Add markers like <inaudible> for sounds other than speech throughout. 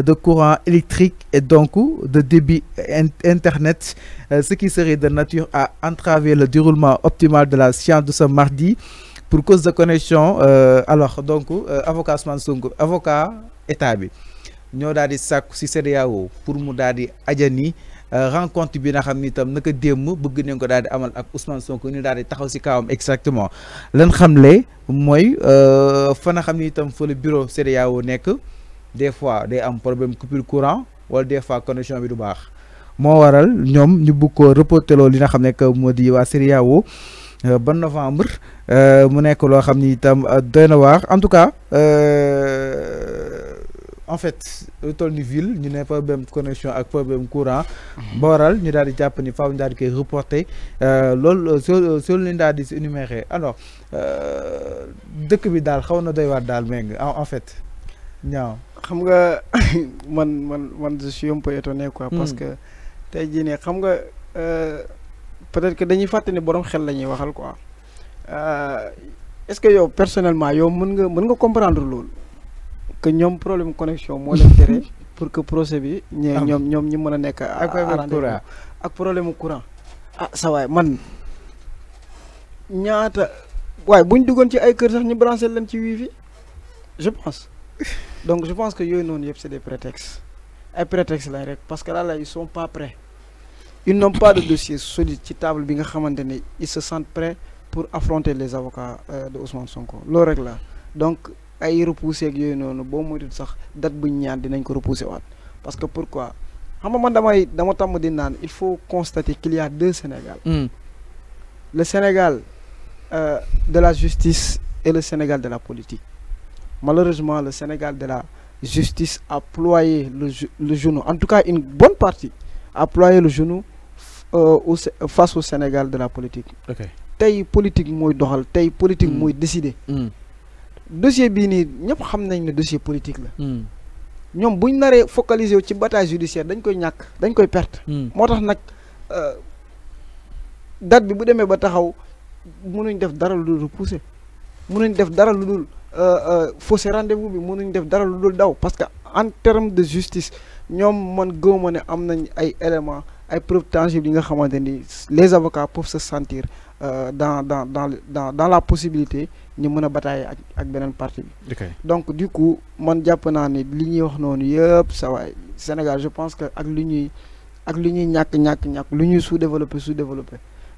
de courant électrique et donc de débit Internet, euh, ce qui serait de nature à entraver le déroulement optimal de la science de ce mardi pour cause de connexion. Euh, alors, donc, euh, avocat Smansung, avocat état bi ñoo daal di c'est si CEDEAO pour mu daal euh, rencontre bi nga xamni tam naka dem bëgg nañ ko daal amal ak Ousmane Sonko ñu daal taxaw ci kawam exactement lan xamle mooy euh, fa nga xamni tam itam fa le bureau CDAO nekk des fois des am problème coupure courant ou des fois connexion bi du bax mo waral ñom ñu bu ko li que Modi euh, novembre euh, mu nek lo xamni en tout cas euh, en fait lu toll ni nous ñu né problème connexion ak problème courant ba waral ñu daal di ni faaw ñu daal reporter euh ñu daal alors dëkk bi daal xawna doy en fait xam nga <coughs> man man man je suis un peu quoi. Hmm. parce que tey jii ne xam nga euh, peut-être que dañuy fàtte ni borom xel la ñuy waxal quoi euh, est-ce que yow personnellement yow mën nga mën nga comprendre loolu que ñoom problème connexion moo leen tere <laughs> pour que procès bi. ñee ah. ñoom ñoom ñi mën a nekk. ak ak problème courant. ah sa waay man ñaata waaye buñ duggoon ci ay kër sax ñu branché leen ci wifi je pense. donc je pense que nous non, c'est des prétextes un prétexte là, parce que là ils sont pas prêts ils n'ont pas de dossier solide ci table ils se sentent prêts pour affronter les avocats euh, de Ousmane Sonko Le règle là. donc ay repousser ak yooyu bon boo de sax date bu ñu dinañ parce que pourquoi À un moment donné, dama mon di il faut constater qu'il y a deux Sénégal. Hmm. le Sénégal euh, de la justice et le Sénégal de la politique. Malheureusement, le Sénégal de la justice a ployé le, genou, en tout cas une bonne partie a ployé le genou euh, face au Sénégal de la politique. Ok. Tay politique mooy doral, telle politique hmm. mooy décider. Hmm. dossier bini, nii ñëpp xam nañ ne dossier politique la. Hmm. ñoom buñ naree focaliser ci bataille judiciaire dañ koy ñàkk dañ koy perte. moo tax nag euh, date bi bu demee ba taxaw mënuñ def dara lu repousser mënuñ def dara lu il euh, euh, rendez-vous bi parce que en termes de justice les avocats peuvent se sentir euh, dans dans la possibilité de batailler donc du coup je pense que ak l'Union sous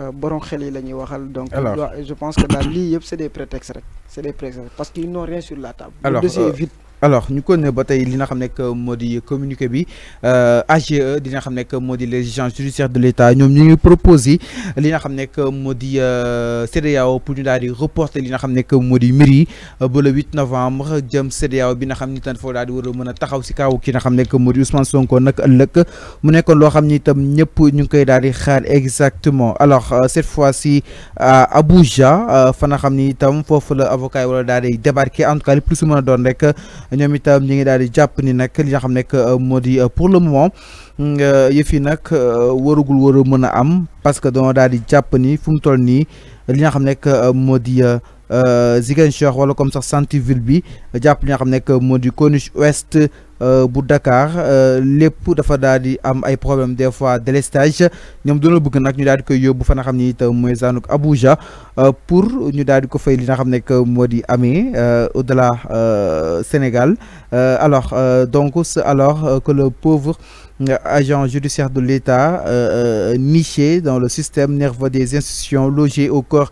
Euh, borom xel yi waxal donc <coughs> je pense que la lii c'est des prétextes rek c'est des prétextes parce qu'ils n'ont rien sur la table le dossier euh, vide alors ñu ko ne ba tey li nga xamné que modi communiqué bi euh, AGE li nga xamné que modi les agents judiciaires de l'État ñoom ñu ngi proposé li nga xamné que modi di euh, pour ñu dadi reporter li nga xamné que modi di euh, ba le 8 novembre jëm CEDEAO bi nga xamni tan fo dadi wëru mëna taxaw ci kaaw ki nga xamné que modi Ousmane Sonko nak ëlëk mu nekkon lo xamni tam ñëpp ñu ngi koy dadi xaar exactement alors cette fois ci à Abuja fa nga xamni tam fofu le avocat wala dadi débarquer en tout cas li plus mëna doon rek ñom itam ñi ngi daldi japp ni nak li nga xam nek eh, modi eh, pour le moment hmm, eh, yefi nak wërugul wëru mëna am parce que dañu daldi japp ni fu mu toll ni li nga xam nek modi Euh, Ziguinchor wala comme sax centre ville bi japp li nga xam nekk di ouest euh, bu Dakar euh, Les dafa daal am ay problème des fois délestage ñoom Nous bëgg nak ñu daal koy yóbbu fa nga xamni te moy Zanouk Abuja pour ñu daal ko fay li nga xam que di au delà Sénégal alors donc alors que le pauvre agent judiciaire de l'État niché dans le système nerveux des institutions logé au corps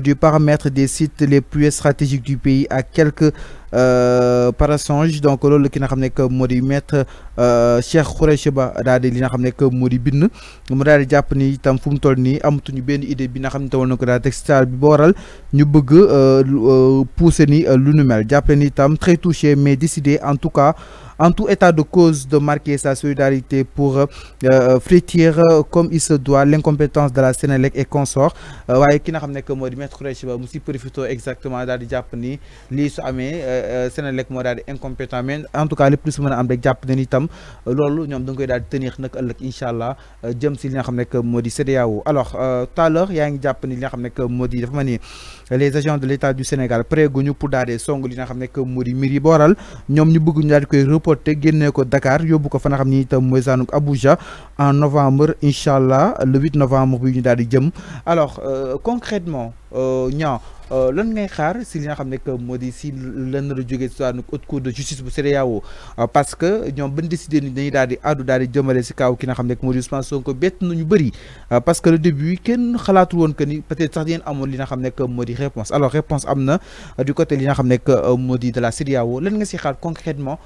du paramètre des sites les plus stratégiques du pays à quelques euh, par Assange donc lolou ki nga xamné que moo maître euh, Cheikh Khoureyssi Ba daal li nga xamné que moo di bind mu daal japp ni tam fum toll nii amatuñu idée bi nga xam ne ko textile bi boral ñu bëgg euh, pousser ni lu nu mel japp ni tam très touché mais décidé en tout cas en tout état de cause de marquer sa solidarité pour frétir comme il se doit l'incompétence de la Sénélec et consorts waaye ki nga xam que moo maître Khoureyssi mu exactement dans le japonais ni amis. Euh, Sénélec moo daal incompétent en tout cas le plus si mën a am rek jàpp na ni itam euh, loolu koy tenir nak ëllëg inshallah allah euh, jëm si li nga xam ne alors tout à l'heure il ngi a ni li nga xam ne que moo les agents de l'État du Sénégal prégnent guñu pour daal di song li nga xam ne que moo di mbir yi booral ñoom ñu bëgg ñu koy reporter génnee ko Dakar yóbbu ko fa nga xam ni Abuja en novembre inshallah le 8 novembre bi ñu daal di jëm alors concrètement non euh, euh, lan ngay xaar si nga que moo si de justice bu e euh, parce que ñoom décidé ni dañuy daal di àddu daal di jëmale si kaw ki nga que moo di Ousmane Sonko parce que le début kenn xalaatul woon que ni peut-être sax yéen que réponse alors réponse am du côté li nga que de la CEDEAO lan nga si xaar concrètement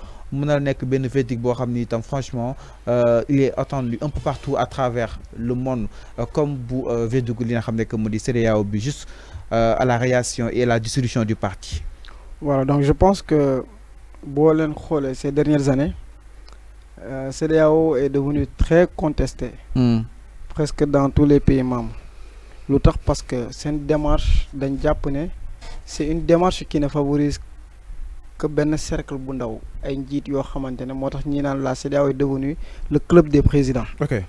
franchement euh, il est attendu un peu partout à travers le monde euh, comme bu avez euh, li nga que juste à la réaction et à la dissolution du parti. voilà donc je pense que ces dernières années CDAO est devenu très contesté. Hmm. presque dans tous les pays membres. l'autre parce que c'est une démarche d'un japonais c'est une démarche qui ne favorise que Ben cercle bu ndaw ay njiit yoo xamante ne ñi naan la CDAO est devenu le club des présidents. ok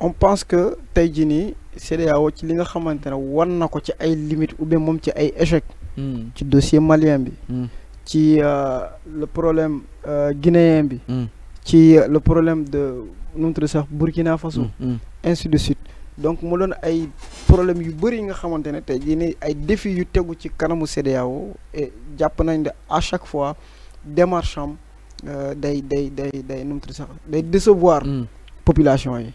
on pense que tey CDAO, qui CEDEAO ci li nga xamante ne na ko ci ay limites ou bien moom ci ay échec hmm. ci dossier malien bi. Hmm. ci euh, le problème euh, guinéen bi. Hmm. ci euh, le problème de notre mu Burkina Faso. ainsi de suite. donc mu doon ay problème yu bëri yi nga xamante ne tey jii nii ay défi yu tegu ci kanamu CEDEAO et jàpp nañ ne à chaque fois démarche am euh, day day day day nu mu tudd sax day décevoir hmm. population yi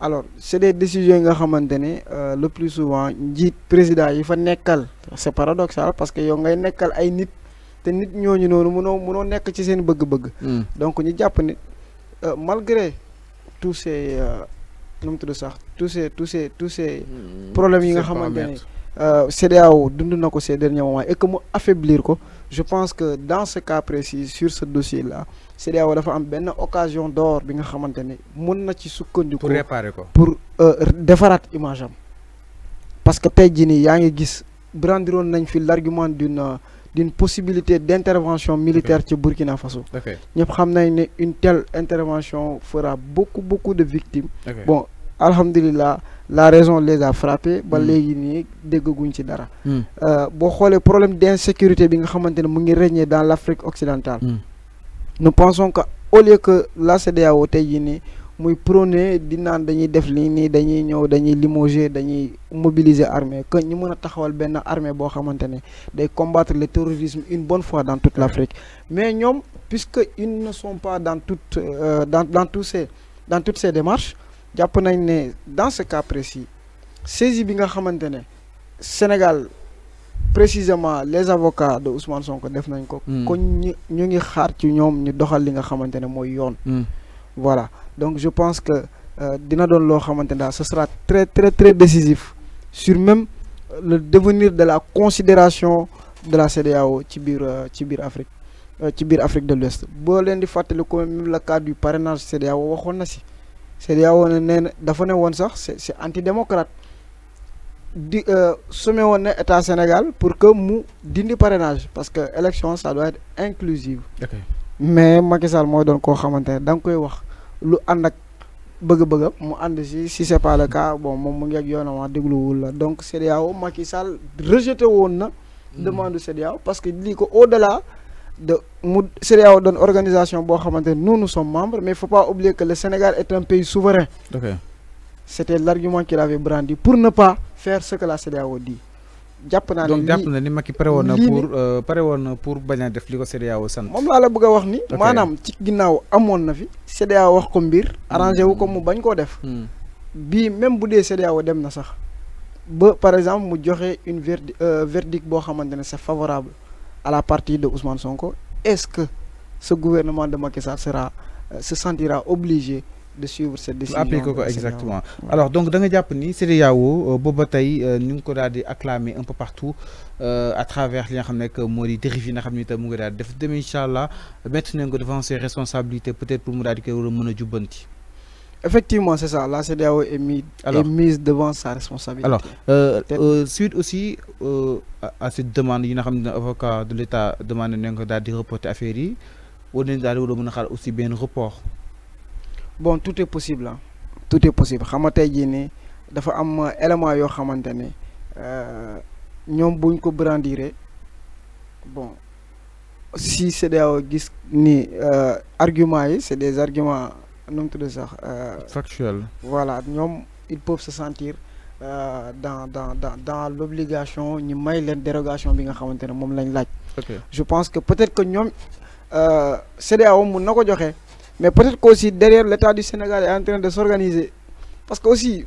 alors c'est des décisions yi nga xamante ne euh, le plus souvent njiit président yi fa nekkal c'est paradoxal parce que yow ngay nekkal ay nit te nit ñooñu noonu mënoo mënoo nekk ci seen bëgg-bëgg hmm. donc ñu jàpp ne euh, malgré tous ces nu mu tudd sax tous ces tous ces tous ces hmm, hmm. problèmes yi nga xamante ne euh, CEDEAO dund na ces derniers moments et que affaiblir ko je pense que dans ce cas précis sur ce dossier là CEDEAO dafa am benn occasion d'or bi nga xamante ne mën na ci pour réparer ko pour euh, defaraat image am parce que dit jii nii yaa ngi gis brandiron nañ fi l'argument d'une euh, d'une possibilité d'intervention militaire okay. Burkina Faso. Okay. Nous savons qu'une telle intervention fera beaucoup, beaucoup de victimes. Bon, Alhamdulillah, la raison les a frappés. Les gens ont été dara. Hmm. Euh, le problème d'insécurité qui régné dans l'Afrique occidentale, hmm. nous pensons qu'au lieu que la CDAO soit muy prôné di nan dañuy def lii ni dañuy ñëw dañuy limoger dañuy mobiliser armée que ñu mëna taxawal ben armée bo xamantene day combattre le terrorisme une bonne fois dans toute l'Afrique mais ñom puisque ils ne sont pas dans toute euh, dans dans tous ces dans toutes ces démarches japp nañ né dans ce cas précis saisie bi nga xamantene Sénégal précisément les avocats de Ousmane Sonko def nañ ko. Hmm. kon ñu ñu ngi xaar ci ñom ñu doxal li nga xamantene moy yoon. Hmm. voilà donc je pense que euh, dina don lo xamantene ce sera très très très décisif sur même le devenir de la considération de la CEDEAO ci biir euh, ci biir Afrique euh, ci biir Afrique de l'Ouest bo len di fàttali ko même le cadre du parrainage CEDEAO waxoon na ci CEDEAO ne nee dafa ne won sax c'est anti antidémocrate di somme woon na état Sénégal pour que mu dindi parrainage parce que élection ça doit être inclusive mais Macky Sall moy don ko xamantene dang koy wax si ce n'est pas le cas bon ne mu pas. donc CDAO, Macky Sall rejeté hmm. demande de CEDEAO parce qu'il dit qu'au delà de mu CEDEAO organisation nous nous sommes membres mais il ne faut pas oublier que le Sénégal est un pays souverain. C'était l'argument qu'il avait brandi pour ne pas faire ce que la CDAO dit donc jàpp na ni Macky pare woon pour euh, pare woon pour bañ a def li CDA CEDEAO sant. moom laa la bëgg wax ni. maanaam ci ginnaaw amoon na fi. CDA wax ko mbir. arrangé wu comme mu bañ koo def. Hmm. même bu CDA CEDEAO dem na sax ba par exemple mu aurez une euh, verdict boo xamante ne c'est favorable à la partie de Ousmane Sonko est-ce que ce gouvernement de Macky Sall sera euh, se sentira obligé de suivre cette décision appliquer exactement alors donc dans le Japon, c'est CEDEAO où, tey euh, nous ko un peu partout euh, à travers les nga qui nekk moo qui dérive yi nga xam mettre devant ses responsabilités peut-être pour mu daal di koy war Effectivement, c'est ça. La CDAO est, mis, alors, est, mise devant sa responsabilité. Alors, euh, euh suite aussi euh, à, cette demande, il y a un avocat de l'État demande de reporter l'affaire. On a aussi bien un report bon tout est possible hein. tout est possible xam nga tey jii dafa am element yo xamante euh ñom buñ ko brandiré bon si cdao gis ni euh, argument c'est des arguments non tout tudd sax. Euh, factuel. voilà ñom ils peuvent se sentir euh, dans dans dans dans l'obligation ñu may leen dérogation bi nga xamante mom lañ laaj. je pense que peut-être que ñom euh cdao mu nako joxé mais peut-être qu'aussi derrière l'État du Sénégal est en train de s'organiser parce que aussi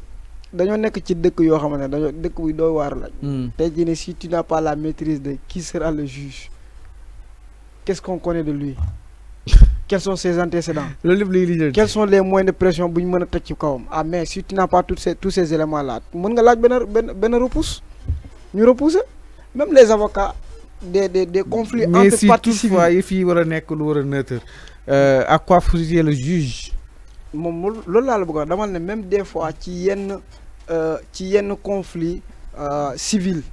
dañoo nek ci dëkk yo ne dañoo dëkk bu doy hmm. si tu n'as pas la maîtrise de qui sera le juge qu'est-ce qu'on connaît de lui <laughs> quels sont ses antécédents. quels sont les moyens de pression pour mëna tecc ah mais si tu n'as pas tous ces tous ces éléments là mën nga laaj ben ben repousse repousser même les avocats des des conflits. entre parties mais si tu yi fi wara nek lu wara euh, à quoi faisait le juge moom mu la dama ne même des fois ci yenn euh, ci yenn conflit euh, civil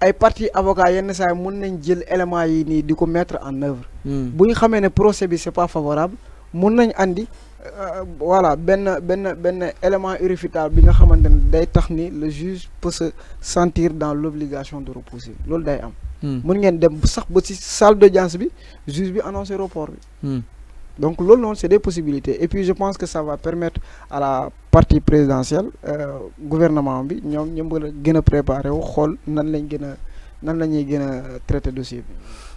ay parti avocat yenn say mën nañ jël élément yi ni diko mettre en œuvre hmm. buñ xamé né procès bi c'est pas favorable mën nañ andi euh, voilà ben ben ben élément irréfutable bi nga xamante le juge peut se sentir dans l'obligation de repousser loolu day am. mun hmm. ngeen dem sax ba ci salle d'audience bi juge bi le report bi. Hmm. donc loolu c'est des possibilités et puis je pense que ça va permettre à la partie présidentielle euh, gouvernement bi ñom préparer wu xool nan lañu gëna nan traiter dossier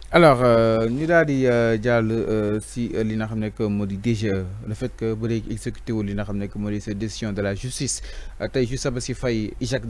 alors euh, ñu daal di euh, euh, si li nga xam que moo DGE le fait que ba léegi exécuté wu li nga xam que moo cette décision de la justice tey juste ba si fay Isaac